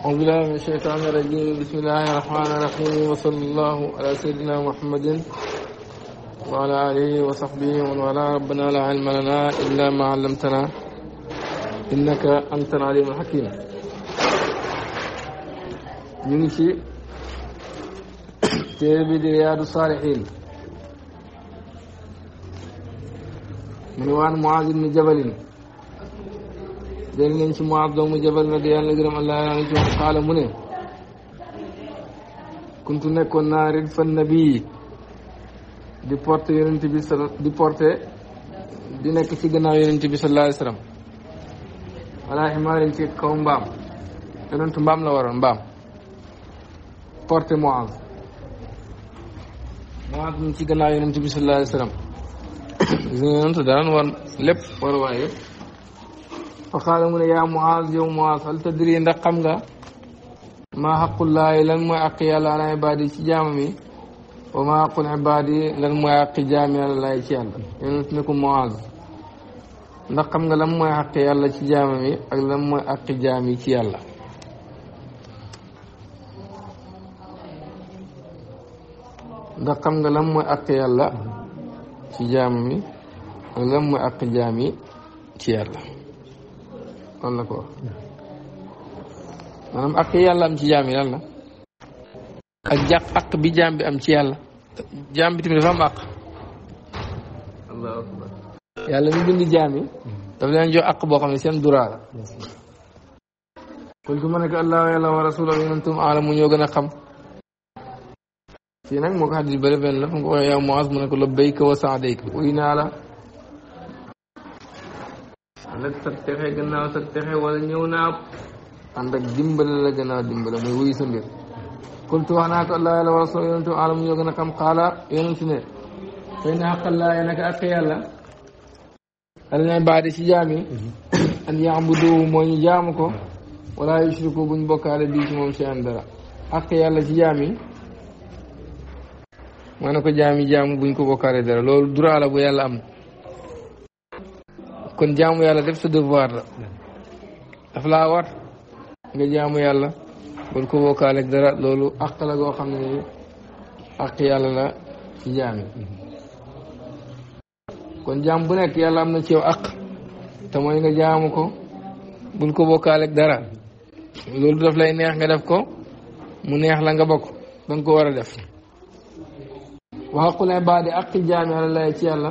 أعوذ بالله من الشيطان الرجيم بسم الله الرحمن الرحيم وصلى الله على سيدنا محمد وعلى آله وصحبه ومن والاه ربنا لا علم لنا إلا ما علمتنا إنك أنت العليم الحكيم نمشي تيبي رياض الصالحين من وان معاذ بن جبل dégg ngeen si Muaaz doomu Jabal na di yàlla gërëm allah yaa ngi mu ne kuntu nekkoon naa rit fan nabi di porte yonent bi sa di porte di nekk ci gannaaw yonent bi sallallahu alayhi wasallam wala ximaarin ci kaw mbaam yonent mbaam la waroon mbaam porte Muaaz Muaaz mu ci gannaaw yonent bi sallallahu alayhi wasallam gis nga yonent daan war lépp waruwaay yëpp fa qaala mu ne yaa Muaaz yow Muaaz hal tadri ndax xam nga maa xaqullaahi lan mooy àq yàlla ala ibaadi ci jaamam yi wa maa xaqul ibaadi lan mooy àqi jaam yàlla laay ci yàlla yonent ne ko Muaaz ndax xam nga lan mooy àq yàlla ci jaamam yi ak lan mooy àqi jaam yi ci yàlla ndax xam nga lan mooy àq yàlla ci jaamam yi ak lan mooy àq jaam yi ci yàlla loolu la ko wax maanaam ak yàlla am ci jaam yi lan la ak jàq ak bi jaam bi am ci yàlla jaam bi tamit dafa am ak yàlla mi bind jaam yi daf leen jox ak boo xam ne seen duraa la kultu ma nekk allah wa yàlla wa rasulahu yonentum aalamu ñoo gën a xam fii nag moo ko xadis bëri benn la fu mu ko waxee yow Muaz mu ne ko labbayka wa saadayka uy naa la ak sa texe gannaaw sa wala ñëw naa ànd ak dimbale la gannaaw dimbale muy wuyu sa mbir kultu allah yàlla wa rasul yonentu alam ñoo gën a xam xaala yonentu ne fay na xaqal laa naka ak yàlla ala ci jaam yi an yaabudu moo jaamu ko wala yushriku buñ bokkaale bii moom seen dara ak yàlla ci jaam yi maa ko jaam yi jaamu buñ ko bokkaale dara loolu duraa bu yàlla am kon jaamu yàlla def sa devoir la daf laa war nga jaamu yàlla bul ko bokkaale dara loolu àq la goo xam ne ni àq yàlla la ci jaami kon jaam bu nekk yàlla am na ci yow àq te mooy nga jaamu ko bul ko bokkaale dara loolu daf lay neex nga def ko mu neex la nga bokk da nga ko war a def wa xaqul ibaadi àqi jaami yàlla ci yàlla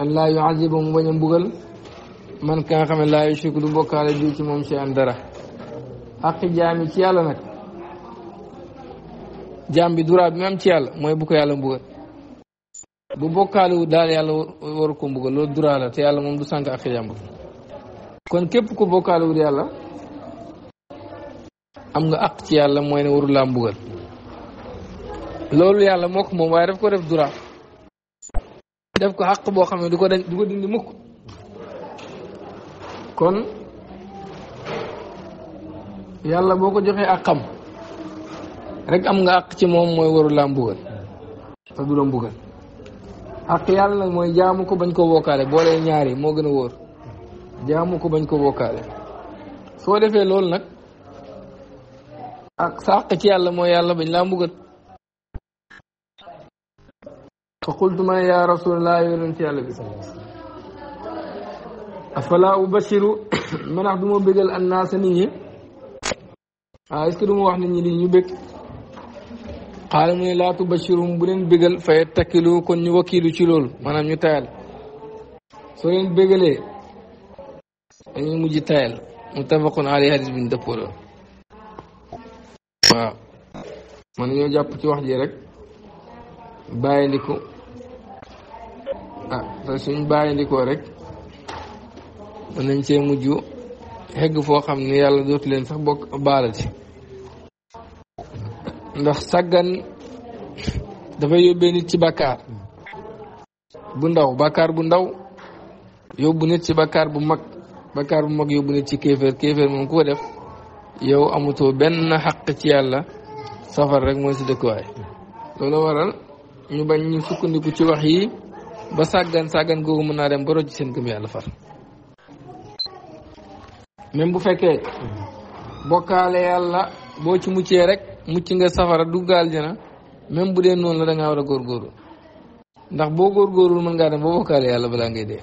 an laa yuazib mu bañ a mbugal man ka nga xam ne laa yushrik du bokkaale bi ci moom si an dara xaqi jaam yi ci yàlla nag jaam bi duraa bi mu am ci yàlla mooy bu yàlla mbugal bu bokkaale wu daal loolu yàlla moom du sànq ak jàmbur képp ku bokkaale wu yàlla moo ko moom waaye daf ko def duraa def ko xàq boo xam ne du ko dañ du ko dindi mukk kon yàlla boo ko joxee ak xam rek am nga àq ci moom mooy warul laa mbugal te du la mbugal àq yàlla nag mooy jaamu ko bañ ko wokkaale boole ñaari moo gën a wóor jaamu ko bañ ko wokkaale soo defee loolu nag ak sa àq ci yàlla mooy yàlla bañ laa mbugal fa qultu ma ya rasulallah yonent yàlla bi afala ubashiru ma ndax du ma bégal annaasa nit ñi waaw est ce que du ma wax nit ñi lii ñu bég xaala mu ne laa tubashirum bu leen bégal fay takkilu kon ñu wakiilu ci loolu maanaam ñu tayal soo leen bégalee dañuy mujj tayal muttafaqun alayhi hadis bi ñu dëppoo la waaw man ñoo jàpp ci wax ji rek bàyyi ah te suñ bàyyilikoo rek mën nañ cee mujj xegg foo xam ne yàlla dootu leen sax bokk baalati ndax sàggan dafay yóbbee nit ci bàkkaar bu ndaw bàkkaar bu ndaw yóbbu nit ci bàkkaar bu mag bàkkaar bu mag yóbbu nit ci kéeféer kéeféer moom ku ko def yow amutoo benn xaq ci yàlla safar rek mooy si dëkkuwaay loolu waral ñu bañ ñu sukkandiku ci wax yi ba sàggan sàggan googu mën naa dem ba roj seen gëm yàlla far même bu fekkee bokkaale yàlla boo ci muccee rek mucc nga safara duggaal jana même bu dee noonu la da war a góorgóorlu ndax boo góorgóorlu mën ngaa dem ba bokkaale yàlla balaa ngay dee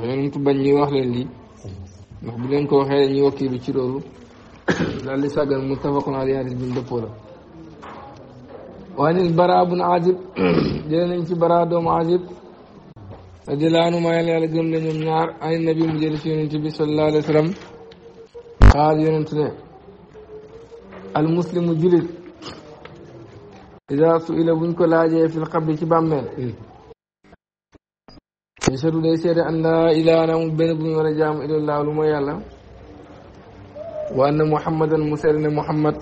yonentu bañ ñuy wax leen lii ndax bu leen ko waxee dañuy wakkiilu ci loolu dëppoo la وعن البراء بن عازب جلنا انت براء دوم عازب رضي الله عنه ما يلي على جملة من النار عن النبي مجلس ينتبه صلى الله عليه وسلم قال ينتبه المسلم جلد إذا سئل بنك لاجئ في القبر كبام من يشهد لي سير أن لا إله أنا مبين بن ورجام إلا الله لما يلا وأن محمدا مسلم محمد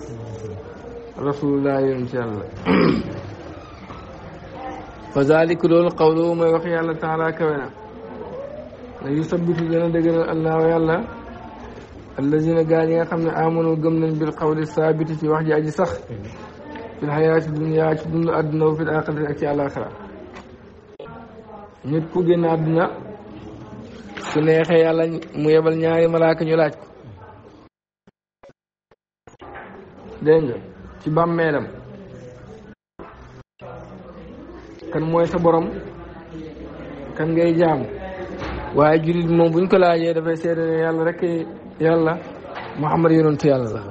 rasulullah yonent yàlla fa zaliku loolu qawluhu mooy wax yàlla taala kawe na la yusabitu dana dëgëral allahu yàlla allazina gaa yi nga xam ne amanu gëm nañ bil qawli saabiti ci wax ji aji sax fil xayaati dunya ci dund àdduna wu fil aaxirati ak ci àlaaxira nit ku génn àdduna su neexee yàlla mu yebal ñaari malaaka ñu laaj ko dégg nga ci bàmmeelam kan mooy sa borom kan ngay jaamu waaye jullit moom buñ ko laajee dafay seede ne yàlla rek yàlla Muhammad yonentu yàlla la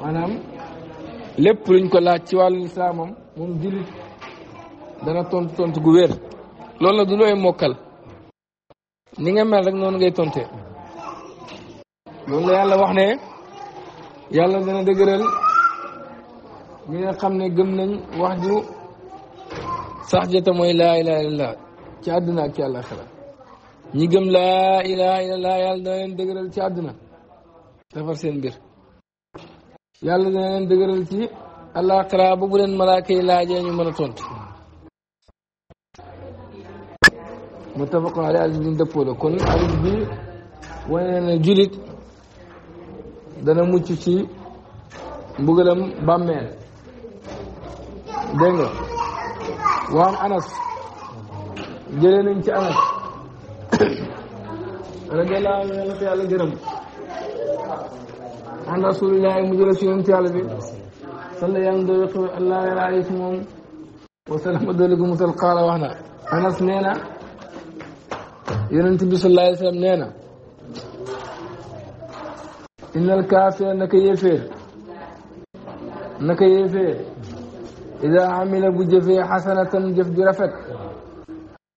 maanaam lépp luñ ko laaj ci wàllu islaamam moom jullit dana tontu tontu gu wér loolu la du looy mokkal ni nga mel rek noonu ngay tontee loolu la yàlla wax ne yàlla dana dëgëral ñi nga xam ne gëm nañ wax ju sax jota mooy laa ilaha illallah ci àdduna ak ci àllaxira ñi gëm laa ilaha illallah yàlla dana leen dëgëral ci àdduna defar seen mbir yàlla dana leen dëgëral ci àllaxira ba bu leen malaaka yi ñu mën a tontu muttafaqun alayhi hadis ñu dëppoo kon hadis bi wane na julit dana mucc ci mbugalam bàmmeel dégg nga waan anas jëlee nañ ci anas radiyallahu anhu yàlla yàlla gërëm an rasulillahi mu jële si yonent yàlla bi salla yàlla doole ko allah yàlla si moom wasalama doole ko musal qaala wax na anas nee na yonent bi sallallahu alayhi wa sallam nee na innal kaafira naka yéeféer naka yéeféer ida amila bu jëfee xasanatan jëf ju rafet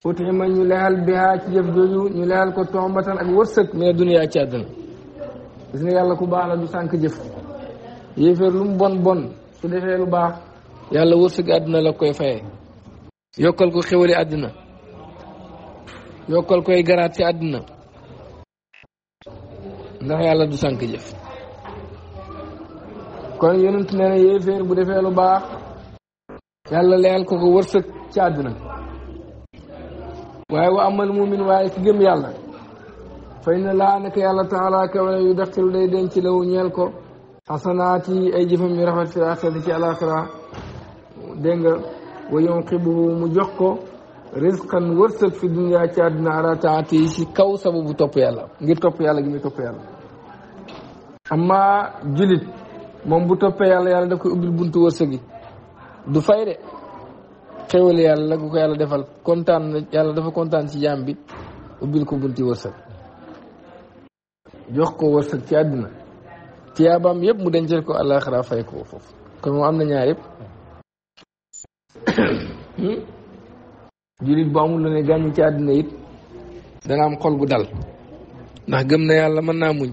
utima ñu lexal biha ci jëf jooju ñu lexal ko tombatan ak wërsëg mais duniyaa ci àdduna yàlla ku baax la du sànq jëf yéeféer lu mu bon bon su defee lu baax yàlla wërsëg àdduna la koy faye yokkal ko xéwali àdduna yokkal koy garaat ci àdduna ndax yàlla du sank jëf kon yonent nee na bu defee lu baax yàlla layal ko ko wërsëg ci àdduna waaye wa amal mumin waaye ki gëm yàlla fay na laa naka yàlla taala kawale yu daxtilu day denc lawu ñeel ko xasanaat yi ay jëfam yu rafet fi axirati ci alaxira dégg nga wa yunqibuhu mu jox ko risqan wërsëg fi dunya ci àdduna ala taati yi ci kaw sababu topp yàlla ngir topp yàlla gi muy topp yàlla julit moom bu toppee yàlla yàlla daf koy ubbil buntu wërsëg yi du fay de xéwal yàlla la ko yàlla defal kontaan yàlla dafa kontaan ci jaam bi ubbil ko bunti wërsëg jox ko wërsëg ci àdduna tiyaabaam yëpp mu dencal ko àllaaxira fay ko foofu kon moom am na ñaar yëpp hmm? jullit bu amul lu ne gàññ ci àdduna yit danga am xol bu dal ndax gëm na yàlla mën naa muñ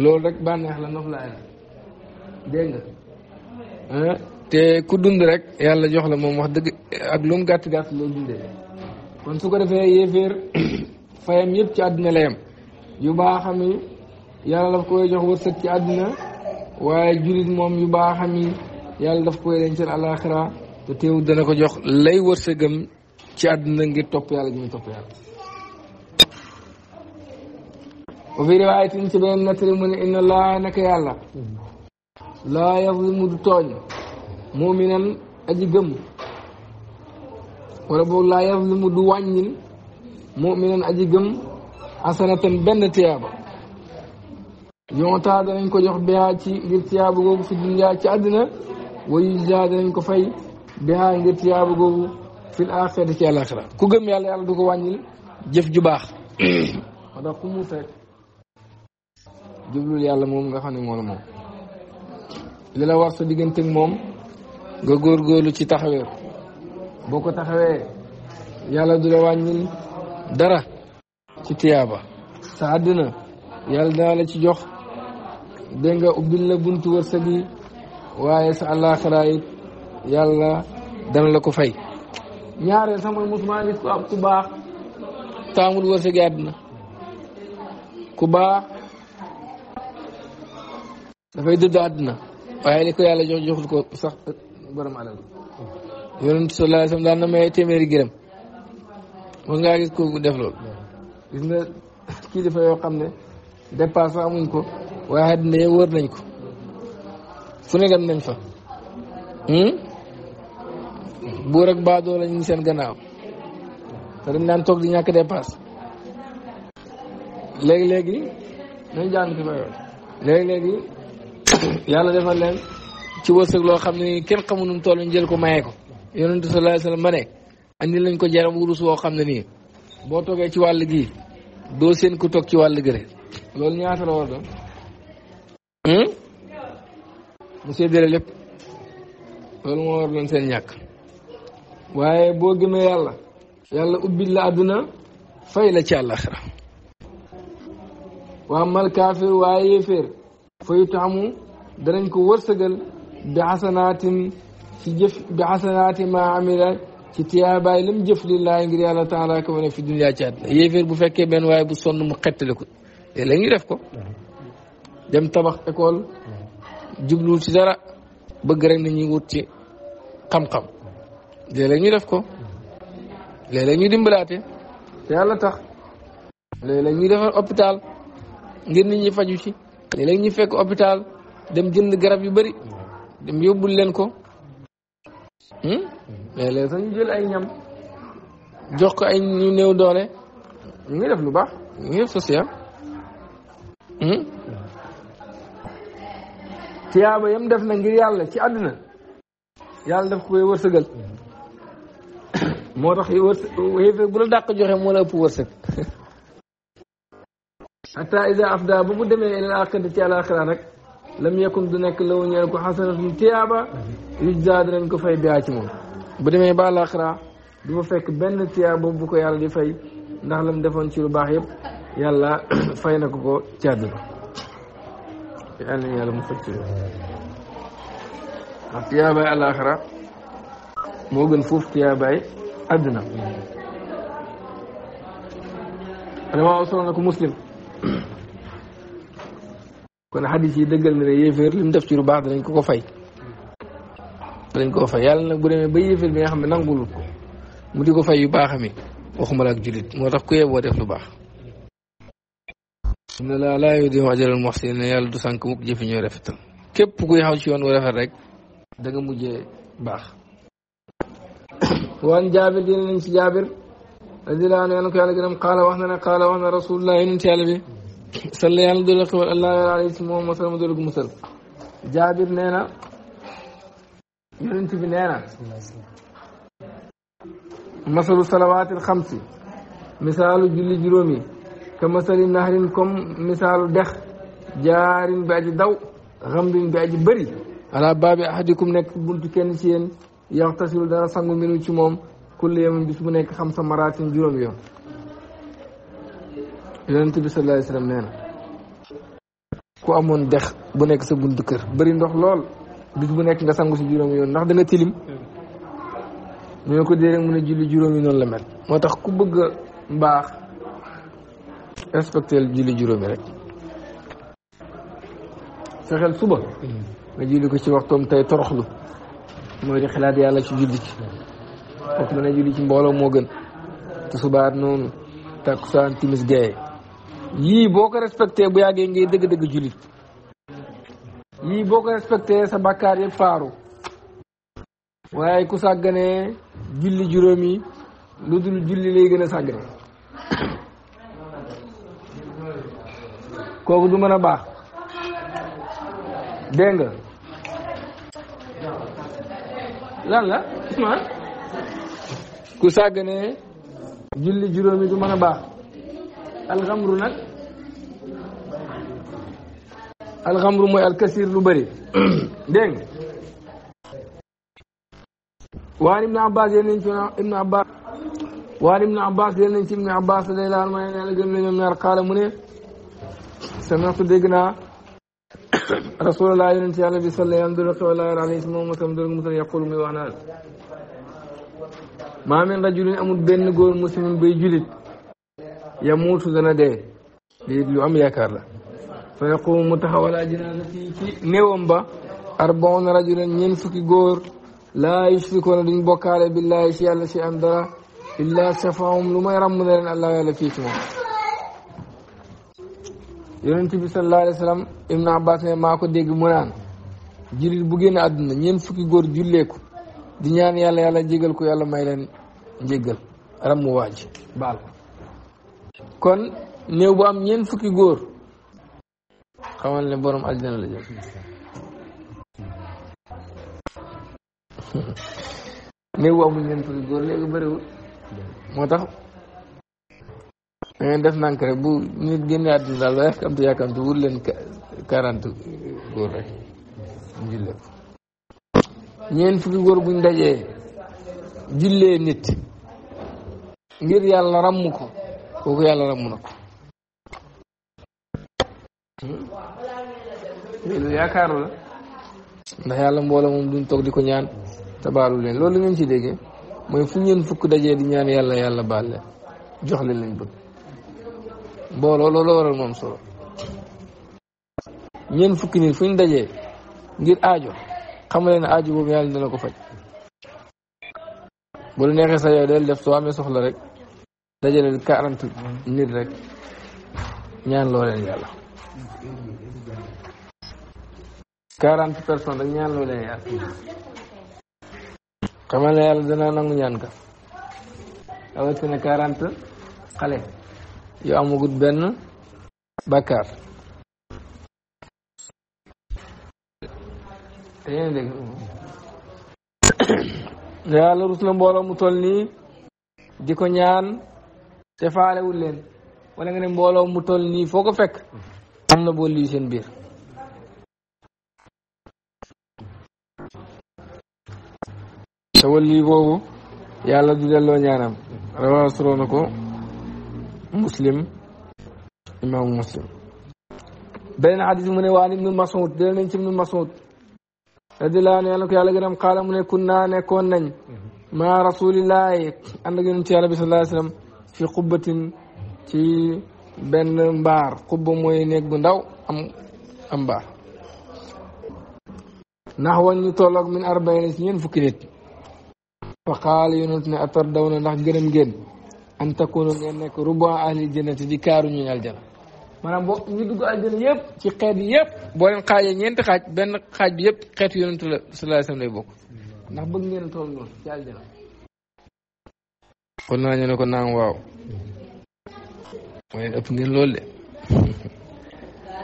loolu rek bànneex la nof la dégg nga te ku dund rek yàlla jox la moom wax dëgg ak lu mu gàtt gàtt loo dundee kon su ko defee yéeféer fayam yëpp ci àdduna la yem yu baaxam yi yàlla daf koy jox ci àddina waaye jullit moom yu baaxam yi daf koy dencal alaaxira te teewul dana ko jox lay wërsëgam ci àddina ngir topp yàlla gi muy topp yàlla wa fi riwaayatin ci beneen nettali mu ne inna laa naka yàlla laa yazlimu du tooñ muminan aji gëm wala boobu laa yazlimu du wàññil muminan aji gëm asanatan benn tiyaaba yontaa danañ ko jox bihaa ci ngir tiyaaba googu ci àddina wa yujzaa danañ ko fay bihaa ngir tiyaaba googu fil axirati ci àlaxira ku gëm yàlla yàlla du ko wàññil jëf ju baax moo tax jublul yàlla moom nga xam ne moo la moom li la war sa digganteeg moom góor góorgóorlu ci taxawee boo ko taxawee yàlla du la wàññil dara ci tiyaaba sa àddina yàlla dinaa la ci jox dégg nga ubbil la buntu wërsëg waaye sa àllaaxira it yàlla dana la ko fay ñaareel sax mooy musumaa ku am ku taamul wërsëg yi àddina dafay dëdd àddina waaye li ko yàlla jox joxul ko borom alal yonent sallallahu alayhi wasallam daan na may téeméeri gërëm mos ngaa gis kooku def loolu gis nga kii dafa yoo xam ne dépasse amuñ ko waaye dina wër nañ ko fu ne dem nañ fa hmm? buur ak baadoo ñu ngi seen gannaaw te dañ daan toog di ñàkk dépasse léegi-léegi nañ jàng si fa léegi-léegi yàlla defal leen ci wërsëg loo xam ne kenn xamu nu mu toll ko maye ko yonentu sallallahu alayhi wasallam ba ne andi lañ ko woo xam ne nii boo toogee ci wàll gii doo seen ku toog ci wàll gëre loolu ñaata la war doon hmm? mu séddale seen ñàkk boo gëmee yàlla yàlla ubbil la fay la ci waa mal kaafir waaye yéeféer fayu taamu danañ ko wërsëgal bi xasanaatin ci jëf bi xasanaati maa amila ci tiyaabaay lam jëf lillaahi ngir yàlla taala ko wane fi duniyaa ci àddina yéeféer bu fekkee benn waaye bu sonn mu xettali ko la ñu def ko dem tabax école jublu ci dara bëgg rek nañuy wut ci xam-xam ñu def ko léeg ñu dimbalaate te yàlla tax léeg-léeg ñu defar hôpital ngir nit ñu faju ci léeg ñu fekk hôpital dem jënd garab yu bari dem yóbbul leen ko hmm? léeg-léeg sax ñu jël ay ñam jox ko ay ñu néew doole ñu ngi def lu baax ñu ngi def social hmm? tiyaaba yam def na ngir yàlla ci àdduna yàlla daf koy wërsëgal moo tax wërsëg bu la dàq joxe moo la ëpp wërsëg hatta ida afda ba mu demee ilal axirati ci àlaxira rek lam yakun du nekk law ñeel ko xasanatun tiyaaba yujzaa dinañ ko fay biyaa ci moom bu demee ba laaxira du fa fekk benn tiyaaba bu ko yàlla di fay ndax lam defoon ci lu baax yëpp yàlla fay na ko ko ci àdduna mu faj ci ndax tiyaabaay alaaxira moo gën foofu tiyaabaay àdduna damaa solo na ko muslim kon xadis yi dëggal na ne yéeféer li mu def ci lu baax danañ ko ko fay danañ ko ko fay yàlla nag bu demee ba yéeféer bi nga xam ne nangulul ko mu di ko fay yu baax mi waxuma la ak jullit moo tax ku yeboo def lu baax ne laa laa yu di ajral muhsin ne yàlla du sànk mukk jëfi ñooy rafetal képp ci yoon wu rafet rek da nga mujjee baax waan jaabir dina nañ ci jaabir radiyallaahu anhu yàlla ko yàlla gërëm qaala wax na ne qaala wax na rasulullah yonent yàlla bi sall yàlla doole xewal allah yàlla alay si moom masalama doole gu musal jaabir nee na yonent bi nee na masalu salawaatil xamsi misaalu julli juróomi ka masali nahrin comme misaalu dex jaarin bi aji daw xamrin bi aji bëri ala baabi ahadikum nekk buntu kenn ci yéen yaxtasilu dana sangu minu ci moom kulli yawmin bis bu nekk xam sa maraatin juróom yonent bi sa alayhi wasallam nee na ku amoon dex bu nekk sa bunt kër bari ndox lool bis bu nekk nga sangu si juróom yoon ndax da nga tilim mu ne ko dee rek mu ne julli noonu la mel moo tax ku bëgg a mbaax respecté julli juróomi rek fexeel suba nga julli ko ci waxtoom tey toroxlu mooy di xalaat yàlla ci julli ci kooku mën julli ci mbooloo moo gën te subaat noonu takkusaan timis gaye yii boo ko respecté bu yàggee ngay dëgg-dëgg jullit yii boo ko respecté sa bàkkaar yëpp faaru waaye ku sàgganee julli juróomi lu dul julli lay gën a sàggane kooku du mën a baax dégg nga lan la ku sàgganee julli juróomi du mën a baax alxamru nag alxamru mooy alkasir lu bëri dégg nga waan ibnu abbas yéen nañ ci ibnu abbas waan ibnu abbas yéen nañ ci ibnu abbas day laal ma ne la gëm la ñoom ñaar xaala mu ne sami'tu dégg naa rasulullah yonent yàlla bi sallallahu alayhi wa sallam alayhi moom mosam dol mosam yaqul muy wax naan maa min rajulin amul benn góor muslimin bay julit yamuutu dana dee lii lu am yaakaar la fa yaqumu mu taxaw ala janaazati ci ba arbauna rajulan ñeent fukki góor laa yushrikuuna duñ bokkaale billaahi ci yàlla ci an dara illaa shafaahum lu may ràmm ne leen allah yàlla fii ci moom yonent bi sallallahu alayhi wa sallam ibnu abbas ne maa ko dégg mu naan jullit bu génn àdduna ñeent fukki góor julleeku di ñaan yàlla yàlla jégal ko yàlla may leen njéggal ràmm waaj baal kon néew bu am ñeent fukki góor xamal ne boroom aljana la jëm néew bu amul ñeent fukki góor léegi bëriwul moo tax da ngeen def nànk rek bu nit génne àdduna daal ba yàkkamtu yàkkamtu wut leen quarante góor rek jullee ñeent fukki góor buñ dajee jullee nit ngir yàlla ràmm ko kooku yàlla ramm na ko loolu yaakaaru la ndax yàlla mbooloo moom duñ toog di ko ñaan tabaalu leen loolu ngeen ci déggee mooy fu ñeen fukk dajee di ñaan yàlla yàlla baal leen jox leen lañ bëgg mbooloo loolu waral moom solo ñeen fukki nit fu ñu dajee ngir aajo xam leen aajo boobu yàlla dina ko faj bu la neexee sa yow def soo amee soxla rek dajale 40 nit rek ñaan lo. leen yalla 40 personnes rek ñaan lo leen yalla xamal ne dana nangu ñaan ka rawatina quarante xale yoo amagut benn bakkaar te yéen dégg mu di te faalewul leen wala nga ne mbooloo mu toll nii foo ko fekk am na bool yi seen biir te wali boobu du delloo ñaanam rawaasroo na ko muslim imaamu muslim beneen xadis mu ne waan ibnu masud jëlee nañ ci ibnu masud radiallahu anhu yàlla ko yàlla gërëm xaala mu ne naa nekkoon nañ mhm. maa rasulillahi ànd ak fi xubbatin ci benn mbaar xubba mooy néeg bu ndaw am am mbaar ndax wan ñu tolloog min arbaina si ñeen fukki nit fa qaala yonent ne atar daw na ndax gërëm ngeen an takunu ngeen nekk ruba ahli jannati di kaaru ñuy aljana maanaam boo ñu aljana yëpp ci xeet yi boole boo leen xaajee ñeenti xaaj benn xaaj bi yëpp xeetu yonent la sallallahu alayhi wa sallam lay bokk ndax bëgg ngeen toll lool xul naa ñu ne ko naam waaw mooy ëpp ngeen loolu de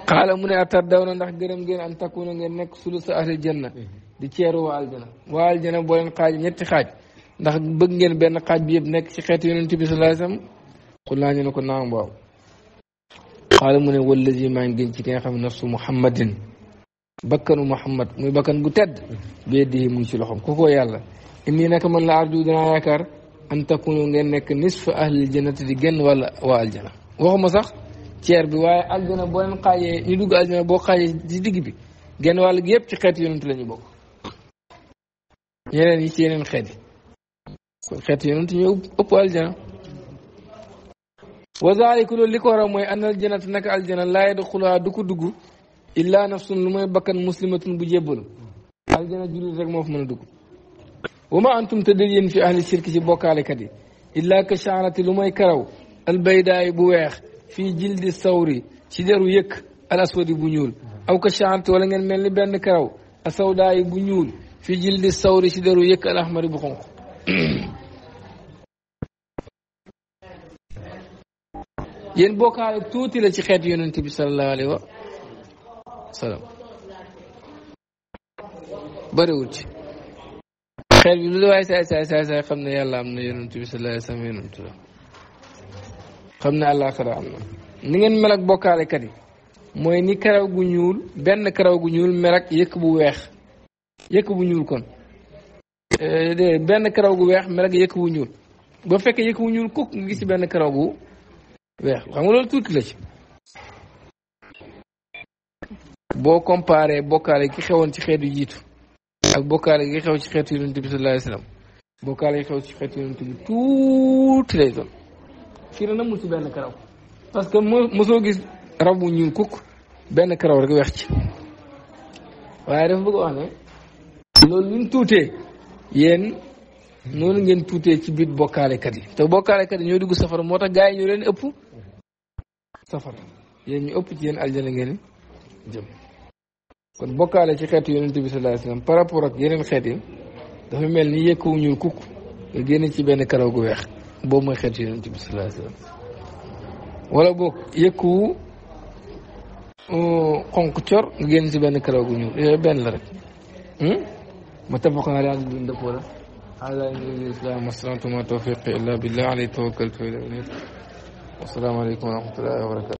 xaala mu ne attar daw na ndax gërëm ngeen an takkuna ngeen nekk sulu sa ahli janna di ceeru waa aljana waa aljana boo leen xaaj ñetti xaaj ndax bëgg ngeen benn xaaj bi yëpp nekk ci xeet xeetu yonent bi sallallahu laa wasallam xul naa ñu ne ko naam waaw xaala mu ne wallazi maa ngi gën ci ki nga xam ne nafsu muhammadin bakkanu muhammad muy bakkan bu tedd bi yadihi mu ci loxom ko ko yàlla inni naka man la arju danaa yaakaar an takunu ngeen nekk nisf ahlil jannati di génn wala waa aljana waxuma sax ceer bi waaye aljana boo leen xaajee ñu dugg aljana boo xaajee ci digg bi genn wàll gi yëpp ci xeet yonent la ñu bokk yeneen yi ci yeneen xeet yi kon xeet yonent ñoo ëpp aljana wa loolu li ko waral mooy an aljanat naka aljana laa yadxuluhaa du ko dugg illaa nafsun lu mooy bakkan muslimatun bu jébbalu aljana jullit rek moo fa mën a dugg wa ma antum te dël yéen fi ahli shirki ci bokkaalekat yi illaa ka chaarati lu may karaw albaydaay bu weex fii jildi sawri ci deru yëkk al aswadi bu ñuul aw ka chaarati wala ngeen mel ni benn karaw asawdaay bu ñuul fii jildi sawri ci deru yëkk al ahmari bu xonq yéen bokkaale tuuti la ci xeet yonent bi sallallahu alayhi wa sallam ci xel bi lu xam ne yàlla am na yonent bi sallallahu alayhi xam ne àllaaxira am na bokkaalekat yi mooy ni karaw gu ñuul benn karaw gu ñuul mel ak yëkk bu weex yëkk bu ñuul kon eh, benn karaw gu weex mel ak yëkk bu ñuul ba fekkee yëkk bu ñuul kukk nga gis benn karaw gu weex xam nga loolu tuuti la ci boo comparé bokkaale ki xewoon ci xeetu jiitu ak bokkaale gi xew ci xeetu yonent bi sallallahu alayhi wasallam bokkaale gi xew ci xeetu yonent bi tuuti lay doon kii na namul ci benn karaw parce que mo mosoo gis raw bu ñuul kukk benn karaw rek weex ci waaye dafa bëgg wax ne loolu luñ tuutee yéen noonu ngeen tuutee ci biir bokkaalekat yi te bokkaalekat yi ñoo dugg safara moo tax gars yi ñoo leen ëpp safara yéen ñu ëpp ci yéen aljana ngeen jëm kon bokkaale ci xeet yonent bi sallallahu alayhi wasallam par rapport ak yeneen xeet yi dafa mel ni yëkku ñuul kukk nga ci benn karaw gu weex boobu mooy xeet yonent bi sallallahu alayhi wasallam wala boog yëkku uh, xonq cor nga génn ci benn karaw gu ñuul yooyu benn la rek muttafaqun hmm? alayhi hadis bi dëppoo la hada dinul islam mastata'tu ma tawfiqi illa billah alayhi tawakkaltu wa ilayhi unib wassalaamu aleykum wa rahmatullahi wa barakatu